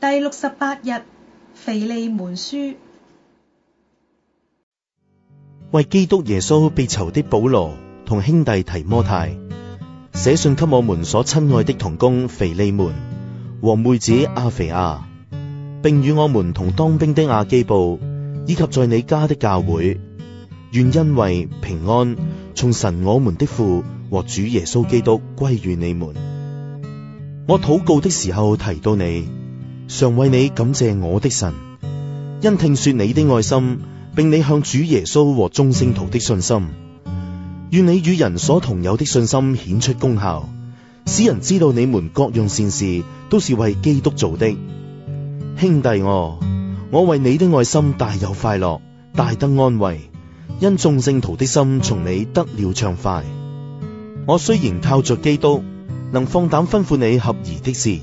第六十八日，腓利門書，為基督耶穌被囚的保羅同兄弟提摩太，寫信給我們所親愛的同工腓利門和妹子阿腓亞，並與我們同當兵的亞基布以及在你家的教會，願因為平安從神我們的父和主耶穌基督歸於你們。我禱告的時候提到你。常為你感謝我的神，因聽說你的愛心，並你向主耶穌和眾聖徒的信心，願你與人所同有的信心顯出功效，使人知道你們各樣善事都是為基督做的。兄弟我，我為你的愛心大有快樂，大得安慰，因眾聖徒的心從你得了暢快。我雖然靠着基督能放膽吩咐你合宜的事。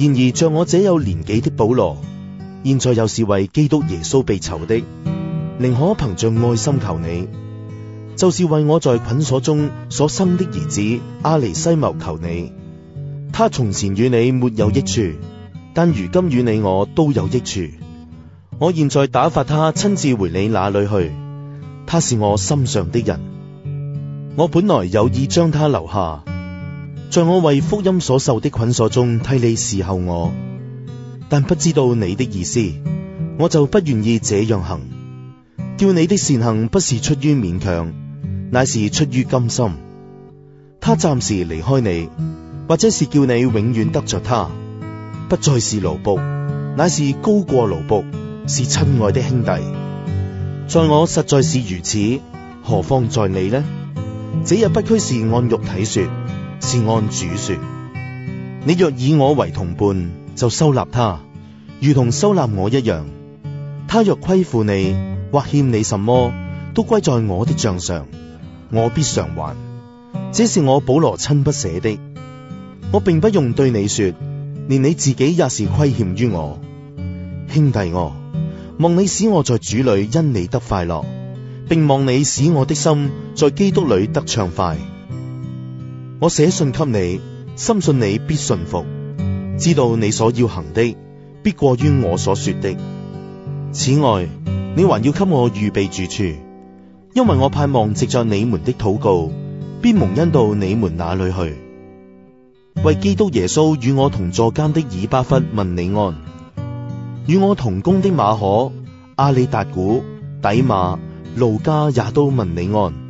然而像我這有年紀的保羅，現在又是為基督耶穌被囚的，寧可憑着愛心求你，就是為我在捆鎖中所生的兒子阿尼西母求你。他從前與你沒有益處，但如今與你我都有益處。我現在打發他親自回你那裏去，他是我心上的人。我本來有意將他留下。在我為福音所受的捆鎖中，替你侍候我，但不知道你的意思，我就不願意這樣行。叫你的善行不是出於勉強，乃是出於甘心。他暫時離開你，或者是叫你永遠得着他，不再是奴僕，乃是高過奴僕，是親愛的兄弟。在我實在是如此，何況在你呢？這日不拘是按肉體說。是按主說：你若以我為同伴，就收納他，如同收納我一樣。他若虧負你或欠你什麼，都歸在我的賬上，我必償還。這是我保羅親筆寫的。我並不用對你說，連你自己也是虧欠於我，兄弟我。望你使我在主裏因你得快樂，並望你使我的心在基督裏得暢快。我寫信給你，深信你必順服，知道你所要行的必過於我所說的。此外，你還要給我預備住處，因為我盼望藉着你們的禱告，必蒙恩到你們那裏去。為基督耶穌與我同坐監的以巴弗問你安，與我同工的馬可、阿里達古、底馬、路加也都問你安。